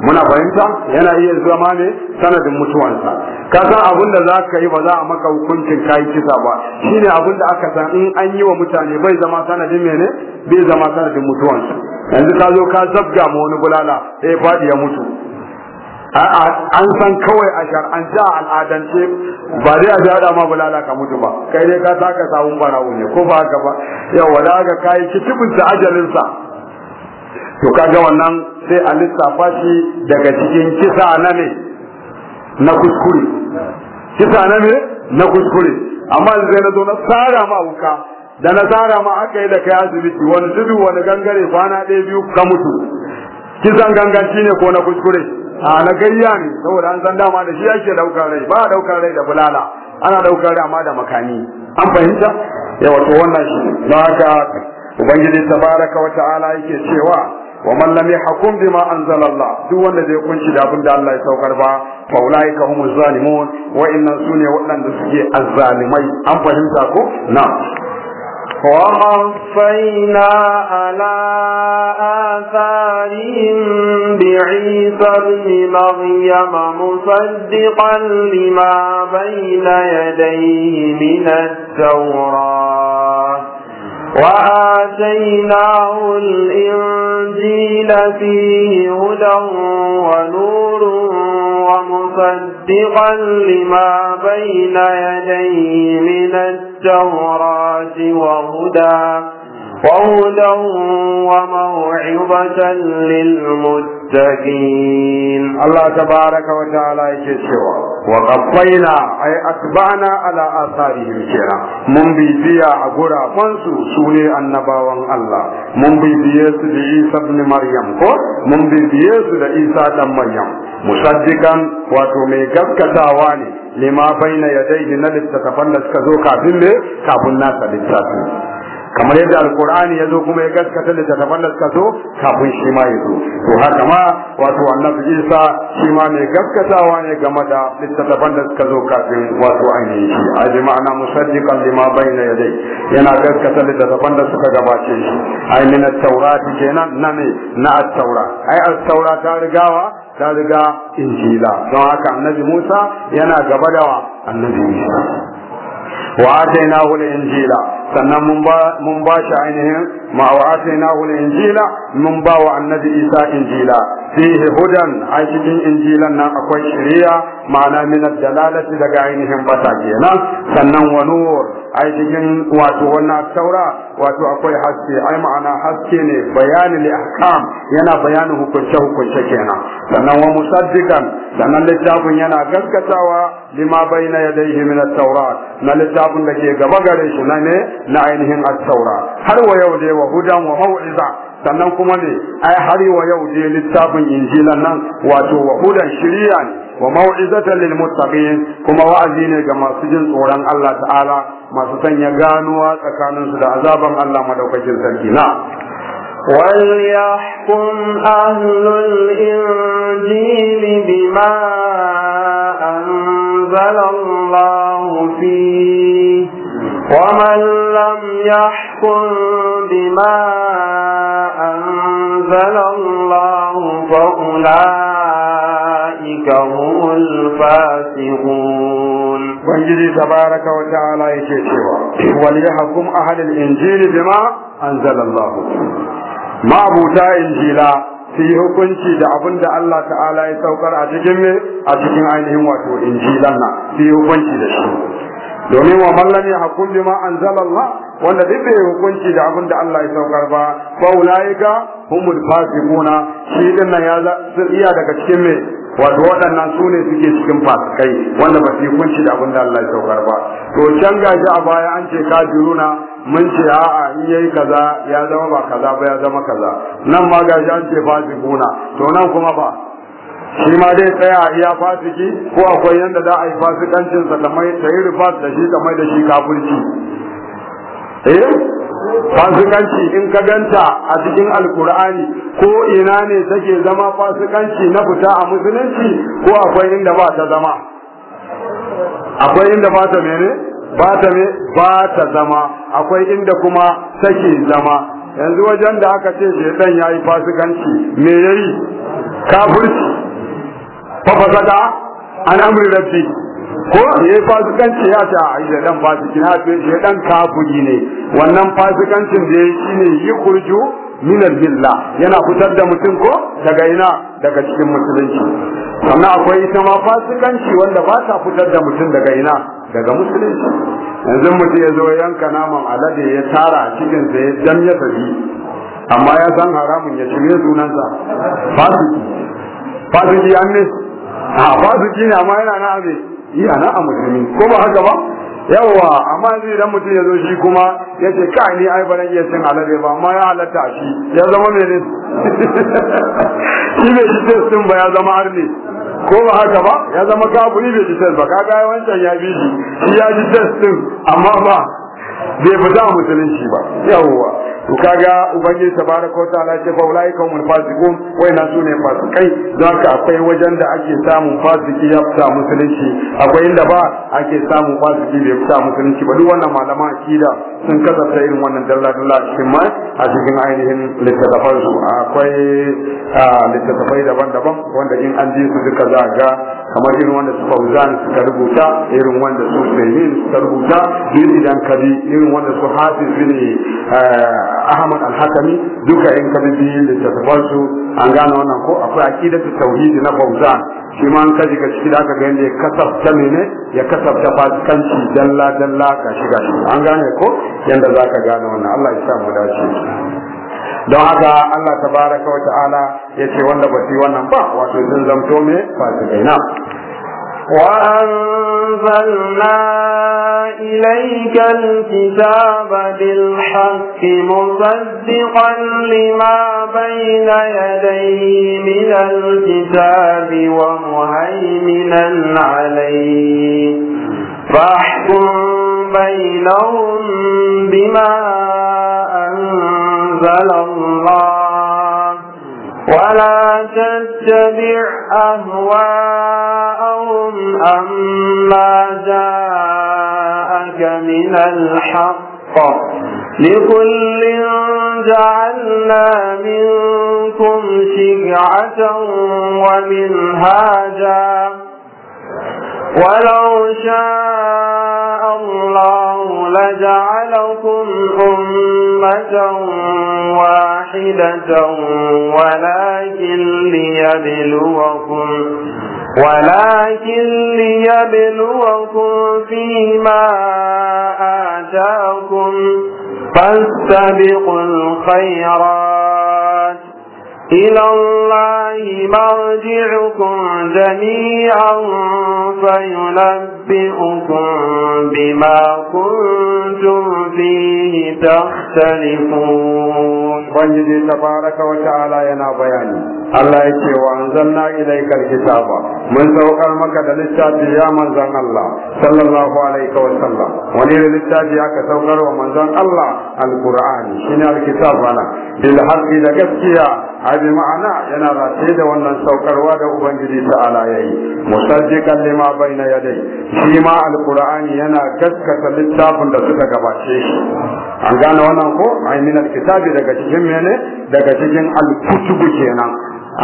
muna fahimta yana iya zuwa ma ne sanadin mutuwansa ka san abin da za ka yi ba za a maka hukuncin kayi kisa ba shine abin da aka san in an yi wa mutane bai zama sanadin ne bai zama sanadin mutuwansa yanzu ka zo ka zabga ma wani bulala sai ya faɗi ya mutu a'a an san kawai a shar'ance a al'adance ba zai a shaɗa ma bulala ka mutu ba kai dai ka taka sabon bara ne ko ba haka ba yau wala ga kayi kitibin sa ajalin sa to kaga wannan sai a lissafa shi daga cikin kisa na ne na kuskure kisa na ne na kuskure amma zai na zo na tsara ma wuka da na tsara ma aka yi da kai asibiti wani tudu wani gangare kwana ɗaya biyu ka mutu kisan ganganci ne ko na kuskure a na gayya ne saboda an san dama da shi ake daukar rai ba daukar rai da bulala ana daukar rai amma da makani. an fahimta yawa to wannan shi na haka ubangiji tabaraka wa ta'ala yake cewa wa man lam yahkum bima anzala Allah duk wanda bai kunshi da abin da Allah ya saukar ba fa ka humu zalimun wa inna waɗanda suke azzalimai an fahimta ko na. وقفينا على آثارهم بعيسى بن مريم مصدقا لما بين يديه من التوراة وآتيناه الإنجيل فيه هدى ونور ومصدقا لما بين يديه من التوراة وهدى وهدى وموعظة للمتقين الله تبارك وتعالى يشوى وقفينا أي أتبعنا على آثارهم كنا من بيديا أقرى فانسو سوني النباوة الله من بيبيا لعيسى بن مريم من بيبيا لعيسى بن مريم مصدقا وتمي كتاواني تاواني لما بين يديه نلت da كذوكا zo كابلنا ne kafin kamar yadda alqur'ani ya zo kuma ya gaskata da tafan da suka zo kafin shi ma ya zo to haka ma wato annabi Isa shi ma mai gaskatawa ne game da littattafan da suka zo kafin wato ainihi shi a ji ma'ana musaddiqan lima bayna yadai yana gaskata littattafan da suka gabace shi ai min at-taurat kenan na ne na at-taura ai at-taura ta rigawa ta riga injila don haka annabi Musa yana gaba da annabi Isa wa atainahu al-injila sannan mun ba shi ainihin ma na hul injila mun ba wa annabi isa injila fihi hudan a cikin injilan nan akwai shari'a ma'ana min dalalati daga ainihin bata kenan sannan wani nur a cikin wato wannan taura wato akwai haske ai ma'ana haske ne bayani li yana bayanin hukunce hukunce kenan sannan wa musaddiqan sannan littafin yana gaskatawa lima bayna yadayhi min at na littafin da ke gaba gare shi na ne na ainihin at-taura har wa yau dai wa hudan wa mau'iza sannan kuma ne ai har wa yau dai littafin injilan nan wato wa hudan shiriya ne wa mau'izatan lil muttaqin kuma wa'azi ne ga masu jin tsoron Allah ta'ala masu sanya ganuwa tsakaninsu da azaban Allah madaukakin sarki na وليحكم أهل الإنجيل بما أنزل الله فيه ومن لم يحكم بما أنزل الله فأولئك هم الفاسقون وانجلي تبارك وتعالى يتشوى وليحكم أهل الإنجيل بما أنزل الله فيه ma'abuta injila su yi hukunci da abin da Allah ta'ala ya saukar a cikin ne a cikin ainihin wato injilan na su yi hukunci da shi domin wa mallan ya ma an zalalla wanda duk bai hukunci da abin da Allah ya saukar ba fa ulaika humul fasiquna shi din nan ya iya daga cikin me wato waɗannan su ne suke cikin fasikai wanda ba su yi hukunci da abin da Allah ya saukar ba to can gashi a baya an ce ka na mun ce a'a in yayi kaza ya zama ba kaza ba ya zama kaza nan ma gashi an ce fasikuna to nan kuma ba shi ma dai tsaya a iya fasiki ko akwai yanda za a yi fasikancin sa kamar ta yi rufas da shi kamar da shi kafirci eh fasikanci in ka ganta a cikin alkur'ani ko ina ne take zama fasikanci na fita a musulunci ko akwai inda ba ta zama akwai inda ba ta mene ba ta me ba ta zama akwai inda kuma take zama yanzu wajen da aka ce dan yayi fasikanci me yayi kafirci fa fasada an amri rabbi ko ya yi fasikanci ya ta a dan fasikin ha ce dan kafiri ne wannan fasikancin da ya yi shine yi kurju min al-billah yana fitar da mutum ko daga ina daga cikin musulunci sannan akwai ita ma fasikanci wanda ba ta fitar da mutum daga ina daga musulunci yanzu mutum ya zo yanka naman alade ya tara cikin sa ya jam ya tafi amma ya san haramun ya cire sunansa fasiki fasiki an ne a fasiki ne amma yana na abe yana a musulmi ko ba haka ba yawa amma zai dan mutum ya zo shi kuma ya ce ka ni ai ba iya cin alade ba amma ya halatta shi ya zama ne shi bai ji testin ba ya zama arne ko ba haka ba ya zama kafuri bai ji test ba ga wancan ya bi shi shi ya ji testin amma ba bai fita musulunci ba yawa to kaga ubangiji tabaraka wa ta'ala ce fa ulai ka mun fasikun wai na sune fasikai don ka akwai wajen da ake samun fasiki ya fita musulunci akwai inda ba ake samun fasiki bai fita musulunci ba duk wannan malama akida sun kasafta irin wannan dalla dalla cikin ma a cikin ainihin littattafan su akwai ah, littattafai daban-daban wanda in an ji su duka za ga kamar irin wanda su fauzan suka rubuta irin wanda su saimin suka rubuta duk idan ka bi irin wanda su hafiz bin eh, ahmad al-hakami duka in ka bi littattafan su an gane wannan ko akwai aqidatu tauhid na fauzan shi ma an kaji ka ciki da aka gani ya kasafta mene ya kasafta fasikanci dalla dalla ka shiga shi an gane ko yanda za ka gane wannan Allah ya sa mu dace don haka Allah tabaraka wa ta'ala yace wanda ba fi wannan ba wato sun zamto me fasikai na وأنزلنا إليك الكتاب بالحق مصدقا لما بين يديه من الكتاب ومهيمنا عليه فاحكم بينهم بما أنزل الله ولا تتبع أهواءهم أما جاءك من الحق لكل جعلنا منكم شجعة ومنهاجا ولو شاء الله لجعلكم أمة واحدة ولكن ليبلوكم ولكن ليبلوكم فيما آتاكم فاستبقوا الخيرات إلى الله مرجعكم جميعا فينبئكم بما كنتم فيه تختلفون فنجد تبارك وتعالى ينا الله يكي وأنزلنا إليك الكتاب من سوق المكد للشاب يا منزل الله صلى الله عليه وسلم ونير للشاب يا كسوقر ومنزل الله القرآن شنو الكتاب بالحق لكسكيا Abi ma'ana yana rataye da wannan saukarwa da ubangiji ta yayi musaddiqan lima baina yadai shi ma alqur'ani yana gaskata littafin da suka gabace shi an gane wannan ko ai min alkitabi daga cikin mene daga cikin alkutubu kenan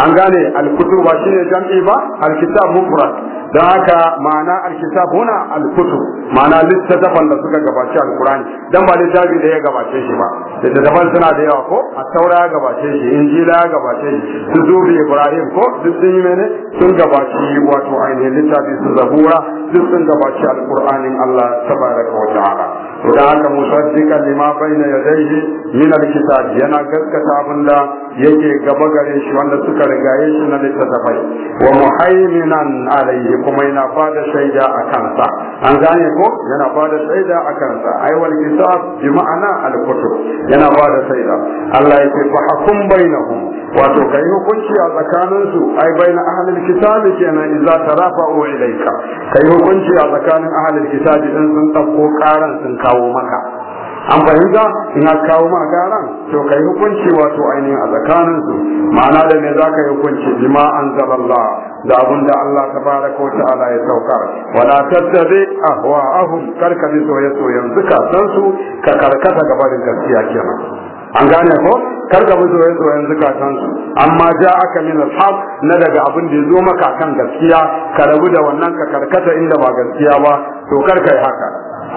an gane alkutubu ba shine jam'i ba alkitabu mufrad Da haka ma'ana alkitab huna alkutu ma'ana littattafan da suka gabace alkurani dan ba littafi da ya gabace shi ba littattafan suna da yawa ko a taura ya gabace shi injila ya gabace shi su zubi ibrahim ko duk sun mene sun gabaci wato ainihin littafi su zabura duk sun gabaci alkur'anin allah tabaraka wa ta'ala da aka musaddika lima baina yadayhi min alkitab yana gaskata karkata abinda yake gaba gare shi wanda suka rigaye shi na littattafai wa muhayminan alayhi kuma yana fada shaida a kansa an gane ko yana fada shaida a kansa ai wal kitab bi ma'ana alkutub yana fada shaida Allah yake fa hakum bainahum wato ka yi hukunci a tsakaninsu ai bai na ahalin kitabi kenan idza tarafa'u ilayka ka yi hukunci a tsakanin ahalin kitabi din sun ɗauko ƙaran sun kawo maka an fahimta ina kawo ma garan to kai hukunci wato ainihin a su ma'ana da me zaka yi hukunci jima'an an zaballa da abin da Allah ta fara ko ta'ala ya saukar wala tattabi ahwa'ahum karka bi yanzu ka san su ka karkata gabarin gaskiya kenan an gane ko kar ka bi soyayya zukatan su amma ja aka min alhaq na daga abin da ya zo maka kan gaskiya ka rabu da wannan ka karkata inda ba gaskiya ba to kar kai haka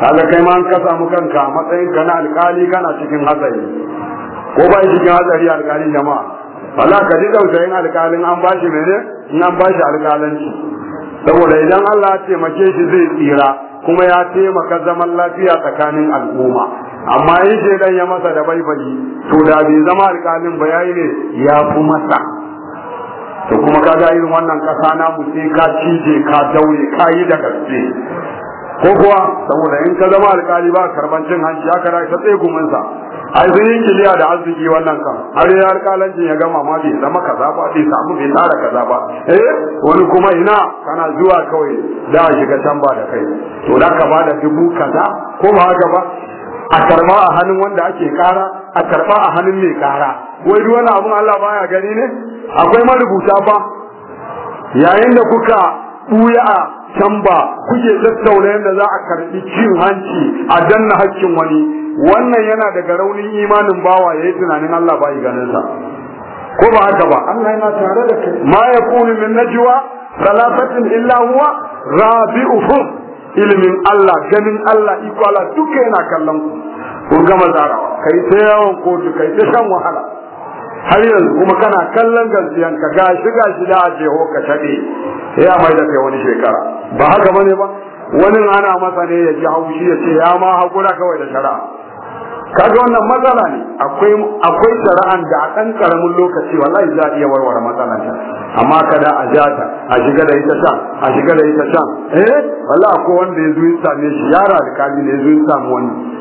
kaga kai ma an ka samu kanka a matsayin ka na alkali kana cikin hatsari ko ba cikin hatsari alkali jama'a wala ka ji tausayin alkalin an bashi mene in an bashi alkalanci saboda idan Allah ya taimake shi zai tsira kuma ya taimaka zaman lafiya tsakanin al'umma amma ce dan ya masa da baibayi to da bai zama alƙalin ba ne ya fi masa to kuma ka kaga irin wannan ƙasa na mu sai ka cije ka daure ka yi da gaske ko kuwa saboda in ka zama alƙali ba karban cin hanci ya da ka tsaye guminsa ai sun yi kiliya da arziki wannan kan har ya alƙalancin ya gama ma bai zama kaza ba bai samu bai tsara kaza ba eh wani kuma ina kana zuwa kawai da a shiga can ba da kai to da ka ba da dubu kaza ko ba haka ba a karba a hannun wanda ake kara a karba a hannun mai kara wai duk wani abun Allah baya gani ne akwai marubuta ba yayin da kuka buya a can ba kuke tattauna yadda za a karbi cin hanci a danna hakkin wani wannan yana daga raunin imanin bawa yayi tunanin Allah bai ganin sa ko ba haka ba Allah yana tare da kai ma yakunu min najwa salasatin illa huwa rabi'uhum ilimin Allah ganin Allah iko Allah duka yana kallon ku kun gama zarawa kai ta yawan kotu kai ta shan wahala har yanzu kuma kana kallon gaskiyan ka ga shi da aje ho ka tabe ya mai da kai wani shekara ba haka bane ba wani ana masa ne ya ji haushi ya ce ya ma hakura kawai da Ka kaga wannan matsala ne akwai akwai shari'an da a ɗan karamin lokaci wallahi za a iya warware matsalar ta amma kada a jata a shiga da ita sha a shiga da ita sha eh wallahi ko wanda ya ya same shi yara da kaji ne ya ya samu wani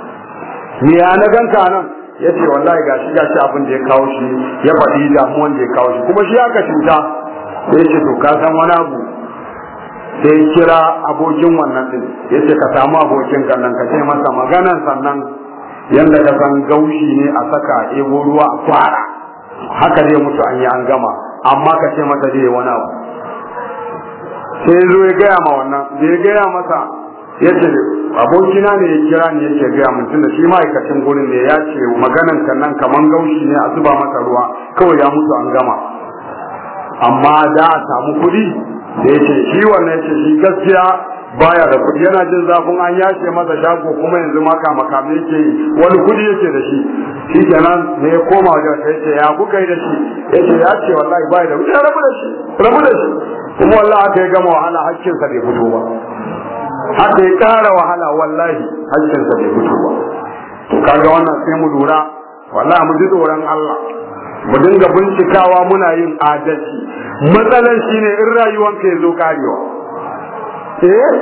me ya na ganka nan ya ce wallahi ga shi gashi abin da ya kawo shi ya faɗi mu wanda ya kawo shi kuma shi aka cuta sai ce to ka san wani abu sai kira abokin wannan din ya ce ka samu abokin ka nan ka ce masa magana sannan yanda ka san gaushi ne a saka ebo ruwa a fara haka zai mutu an yi an gama amma ka ce masa zai wani abu sai zo ya gaya ma wannan zai gaya masa ya ce abokina ne ya kira ni yake gaya mun tunda shi ma'aikacin gurin ne ya ce maganan kan nan kaman gaushi ne a zuba masa ruwa kawai ya mutu an gama amma da a samu kuɗi da ya ce shi wannan ce shi gaskiya baya da kudi yana jin zafin an yashe masa shago kuma yanzu maka makami yake yi wani kudi yake da shi shi kenan ne ya koma wajen sai ce ya kuka yi da shi Ya ce ya ce wallahi baya da kudi rabu da shi rabu da shi kuma wallahi aka yi gama wahala hakkinsa bai fito ba Aka yi kara wahala wallahi hakkinsa bai fito ba to kaga wannan sai mu lura wallahi mu ji tsoron Allah mu dinga bincikawa muna yin adalci matsalan shine in rayuwanka ya zo karewa eh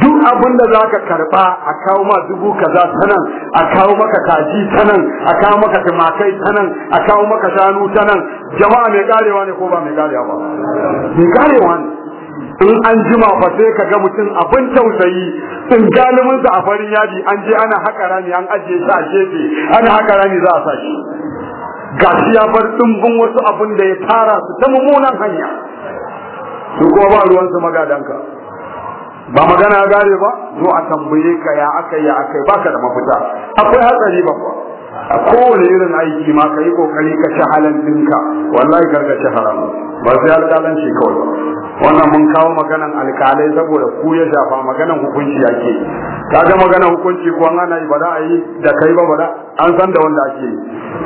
duk abin da ka karɓa a kawo ma dubu kaza tanan a kawo maka kaji tanan a kawo maka tumakai tanan a kawo maka shanu tanan jama'a mai karewa ne ko ba mai karewa ba mai karewa ne in an jima fa sai ka ga mutum abin tausayi in galibinsa a farin yadi an je ana haka rami an ajiye shi a gefe ana haka rami za a sa shi gashi ya bar ɗumbin wasu abin da ya tara su ta mummunan hanya su kuma ba ruwansu magadanka ba magana ya gare ba zo a tambaye ka ya akai ya akai baka da mafita akwai hatsari ba kuwa a kowane irin aiki ma ka yi kokari ka ci halin dinka wallahi karka ci haram ba sai alƙalanci kawai ba wannan mun kawo maganan alƙalai saboda ku ya shafa maganan hukunci ke kaga maganan hukunci ko ana yi ba za a yi da kai ba ba an san da wanda ake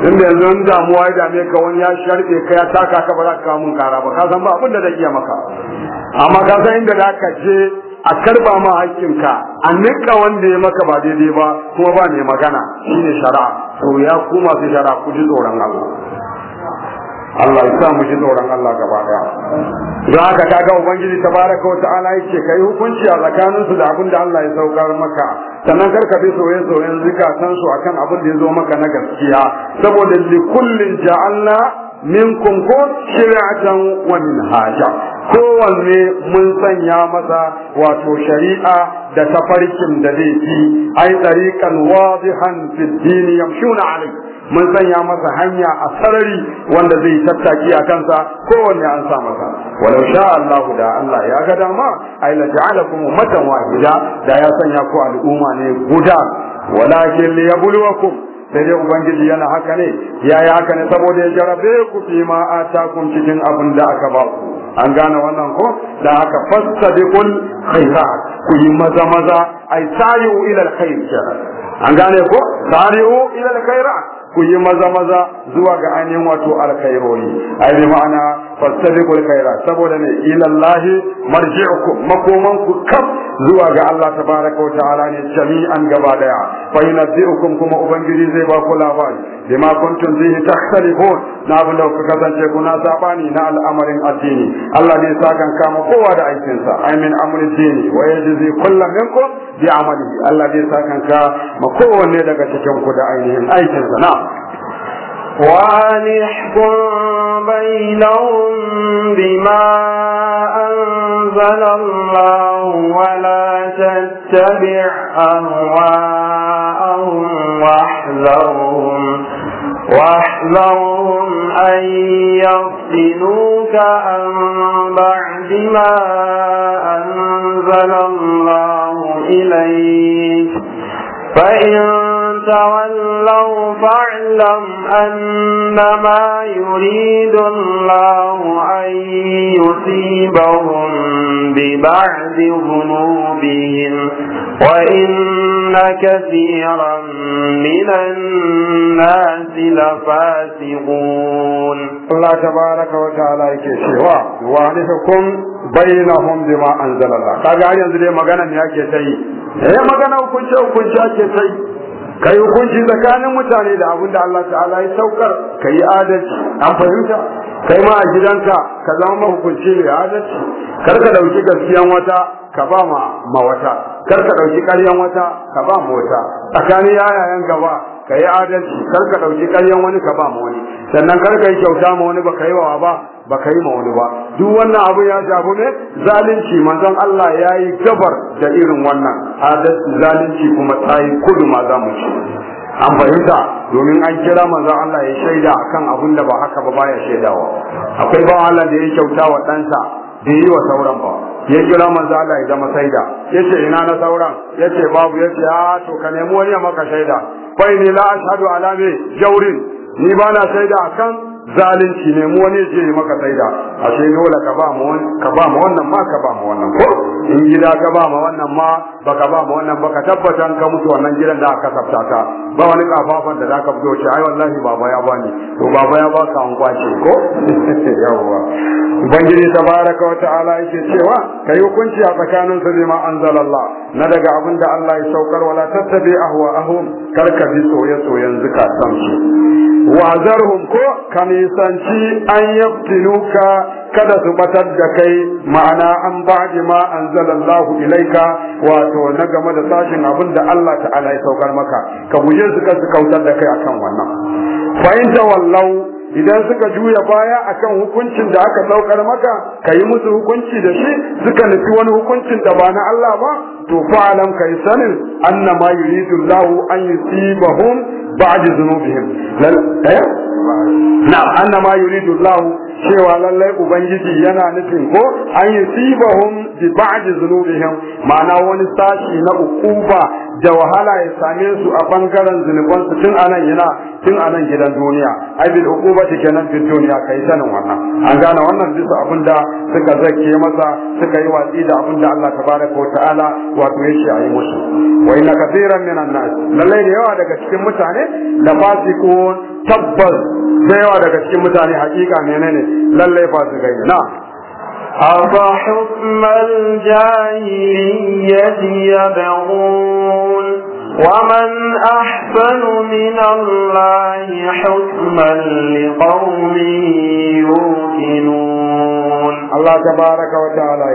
yi da yanzu damuwa ya dame ka wani ya sharbe ka ya taka ka ba za ka kawo mun kara ba ka san ba abin da zai iya maka amma ka san inda za ka je a karba ma hakkinka a nika wanda ya maka ba daidai ba kuma ba ne magana shine shara'a to ya kuma su shara'a ku ji tsoron Allah Allah ya sa mu ji tsoron Allah gaba daya don haka kaga ubangiji tabaraka wa ta'ala yace kai hukunci a tsakanin su da abin da Allah ya saukar maka sannan kar ka bi soyayya soyayyen zikatan su akan abin da ya zo maka na gaskiya saboda likullin ja'alna minkum ko shari'atan wa minhaja kowanne mun sanya masa wato shari'a da tafarkin da zai fi ai tsarikan wadihan fi dini yamshuna alai mun sanya masa hanya a sarari wanda zai tattaki a kansa kowanne an sa masa walau sha Allah da Allah ya ga dama ai la ja'alakum ummatan wahida da ya sanya ku al'umma ne guda walakin liyabluwakum sai dai ubangiji yana haka ne yaya haka ne saboda ya jarabe ku fi ma a atakum cikin abin da aka ba ku an gane wannan ko da haka fasta fastabiqul khairat ku yi maza maza ai sari'u ila alkhair an gane ko sari'u ila alkhairat ku yi maza maza zuwa ga ainihin wato alkhaironi ai ma'ana fastabiqul khairat saboda ne ilallahi marji'ukum makoman ku kaf zuwa ga Allah tabaraka wa ta'ala ne jami'an gaba daya fa yunabbi'ukum kuma ubangiji zai ba ku labari ma kuntum zai takhtalifun na abin da kuka kasance kuna sabani na al'amarin addini Allah ne sakan kama kowa da aikinsa ai min amrul dini wa yajzi kullam minkum bi Allah ne sakan ka ma kowanne daga cikin ku da ainihin aikinsa na'am وأن احكم بينهم بما أنزل الله ولا تتبع أهواءهم واحذرهم واحذرهم أن يفتنوك عن بعد ما أنزل الله إليك فإن تولوا فاعلم أنما يريد الله أن يصيبهم ببعض ذنوبهم وإن كثيرا من الناس لفاسقون الله تبارك وتعالى كشوا وعنفكم بينهم بما أنزل الله قال عن ذلك مغانا نياك يتعي هي مغانا إيه وكنشا وكنشا يتعي kai hukunci tsakanin mutane da abin da Allah ta'ala ya saukar kai adalci an fahimta kai ma a gidanka ka zama mahukunci mai adalci kar ka dauki gaskiyan wata ka ba ma ma wata kar ka dauki ƙaryan wata ka ba ma wata tsakanin yayayen gaba ka adalci kar ka dauki ƙaryan wani ka ba ma wani sannan kar ka yi kyauta ma wani ba ka yi wa ba baka yi ma wani ba duk wannan abu ya jabu ne zalunci manzon Allah ya yi gabar da irin wannan adalci zalunci kuma ta yi kudu ma za mu ci an fahimta domin an kira manzon Allah ya shaida akan abun da ba haka ba baya shaidawa akwai ba Allah da ya kyauta wa ɗansa da yi wa sauran ba ya kira manzon Allah ya zama shaida yace ina na sauran yace babu yace a to ka nemi wani ya maka shaida fa ni la ashadu ala ni ba na shaida akan zalunci ne mu wani je maka a ashe dole ka ba mu ka ba mu wannan ma ka ba mu wannan ko in gida ka ba ma wannan ma baka ba ma wannan baka tabbatan ka mutu wannan gidan da aka kasafta ka ba wani kafafan da zaka fito shi ai wallahi baba ya bani to baba ya baka an kwace ko yawwa ubangiji tabaraka wa ta'ala yake cewa kai hukunci a tsakanin su bima anzalallah na daga abin da Allah ya saukar wala tattabi ahwa'ahum karka bi soyayya soyen zukatan su wa zarhum ko kanisanci an yaftinuka kada su batar da kai ma'ana an ba'di ma anzalallahu ilaika wato na game da sashen abin da Allah ta'ala ya saukar maka ka guje su kan su kautar da kai akan wannan fa in tawallau idan suka juya baya akan hukuncin da aka saukar maka ka yi musu hukunci da shi suka nufi wani hukuncin da ba na Allah ba to fa'alam kai sanin annama yuridu Allah an yusibahum ba'da zunubihim lal eh na'am annama yuridu Allah cewa lallai ubangiji yana nufin ko an yi sibahun bi ba'di zunubihim ma'ana wani sashi na ukuba da wahala ya same su a bangaren zunuban su tun anan yana tun anan gidan duniya ai bil ta kenan fil duniya kai sanin wannan an gane wannan bisa abin da suka zake masa suka yi watsi da abin da Allah tabaraka wa ta'ala wato shi ayi musu wa inna kathiran minan nas lallai da yawa daga cikin mutane da fasiqun tabbas da yawa daga cikin mutane hakika menene lallai fasikai na أفحكم الجاهلية يبغون ومن أحسن من الله حكما لقوم يوقنون الله تبارك وتعالى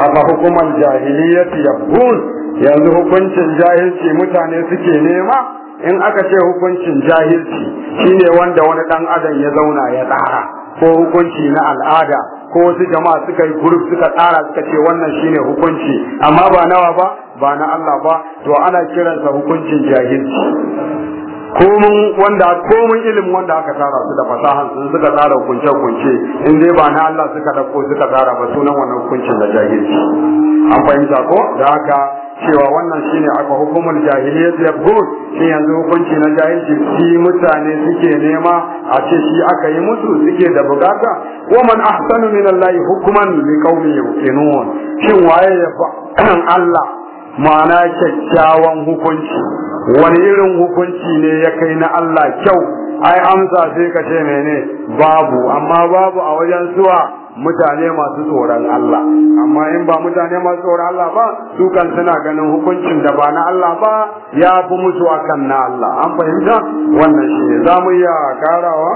أفحكم الجاهلية يبغون yanzu hukuncin jahilci mutane suke nema in aka ce hukuncin jahilci shine wanda wani dan adam ya zauna ya tsara ko hukunci na al'ada ko wasu jama'a suka yi group suka tsara suka ce wannan shine hukunci amma ba nawa ba ba na Allah ba to ana kiransa hukuncin jahilci Komai wanda ilimin wanda aka tara su da fasahan sun suka tsara hukunce hukunce in dai ba na Allah suka dauko suka tsara ba sunan wannan hukuncin da jahilci an fahimta ko da haka cewa wannan shine aka hukumar da gud shi yanzu hukunci na jahilci shi mutane suke nema a ce shi aka yi musu suke da bugata wa man ahsanu min allahi hukman liqaumin yuqinun shin waye ya Allah ma'ana kyakkyawan hukunci wani irin hukunci ne ya kai na Allah kyau ai amsa sai ka ce mene babu amma babu a wajen suwa mutane masu tsoron Allah amma in ba mutane masu tsoron Allah ba su kan suna ganin hukuncin da ba na Allah ba ya fi a kan na Allah an fahimta wannan shi ne za mu iya karawa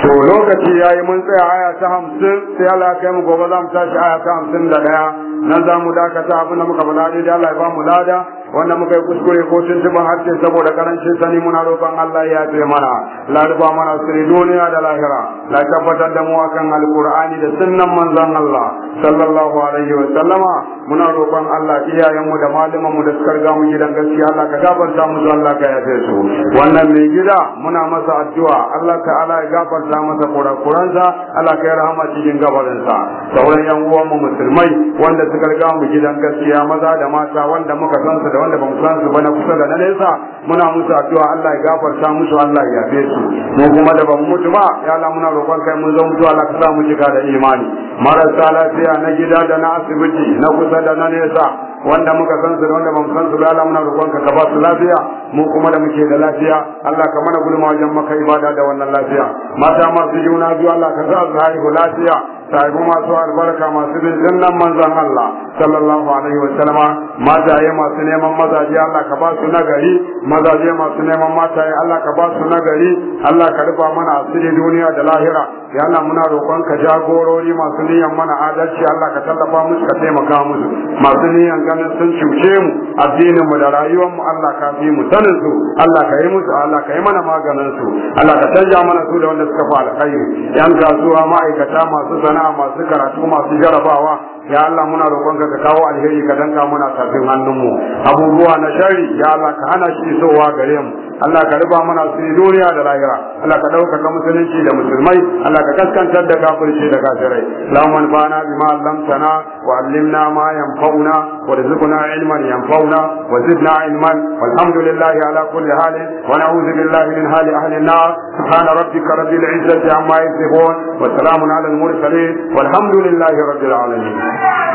to lokaci ya yi mun tsaya aya ta hamsin sai Allah ya kai mu gobe za mu tashi aya ta hamsin da ɗaya nan za mu dakata abin da muka faɗa da Allah ya ba mu lada wanda muka yi kuskure ko tuntuɓin harshe saboda karancin sani muna roƙon Allah ya yafe mana larufa mana sirri duniya da lahira la tabbatar da mu akan alƙur'ani da sunnan manzon Allah sallallahu alaihi wa sallama muna roƙon Allah iyayenmu da malaman mu da suka riga mu gidan gaskiya Allah ka gafarta musu Allah ka yafe su wannan mai gida muna masa addu'a Allah ta'ala ya gafarta masa kurakuransa Allah ka yi rahama cikin gabarinsa sauran yan uwan mu musulmai wanda suka riga mu gidan gaskiya maza da mata wanda muka san su da wanda bamu san su ba na kusa da na nesa muna musu addu'a Allah ya gafarta musu Allah ya yafe su mu kuma da bamu mutu ba ya Allah muna roƙon kai mun zama mutuwa Allah ka sa mu jika da imani marasa lafiya na gida da na asibiti na kusa da na nesa wanda muka san su da wanda bamu san su ba Allah muna roƙon ka ba su lafiya mu kuma da muke da lafiya Allah ka mana gudunmawa wajen maka ibada da wannan lafiya mata masu juna biyu Allah ka sa su haihu lafiya sahibu masu albarka masu bin nan manzon Allah sallallahu alaihi wa sallama mazaje masu neman mazaje Allah ka ba su nagari mazaje masu neman mataye Allah ka ba su nagari Allah ka rufa mana asiri duniya da lahira ya Allah muna roƙon ka jagorori masu niyan mana adalci Allah ka tallafa musu ka taimaka musu masu niyan ganin sun cuce mu addinin mu da rayuwar mu Allah ka fi mu sanin su Allah ka yi musu Allah ka yi mana maganin su Allah ka canja mana su da wanda suka fa alkhairi yan kasuwa ma'aikata masu sana sana'a masu karatu masu jarabawa ya Allah muna roƙonka ka kawo alheri ka danka muna tafin hannunmu abubuwa na shari ya Allah ka hana shi isowa gare mu Allah ka riba mana su duniya da lahira Allah ka ɗaukaka musulunci da musulmai Allah ka kaskantar da kafirci da kafirai Allahumma anfa'na bima 'allamtana wa 'allimna ma yanfa'una warzuqna 'ilman yanfa'una wa zidna 'ilman walhamdulillahi ala kulli halin wa na'udhu billahi min hali ahli an-nar subhana rabbika rabbil 'izzati amma yasifun wa salamun 'alal mursalin والحمد لله رب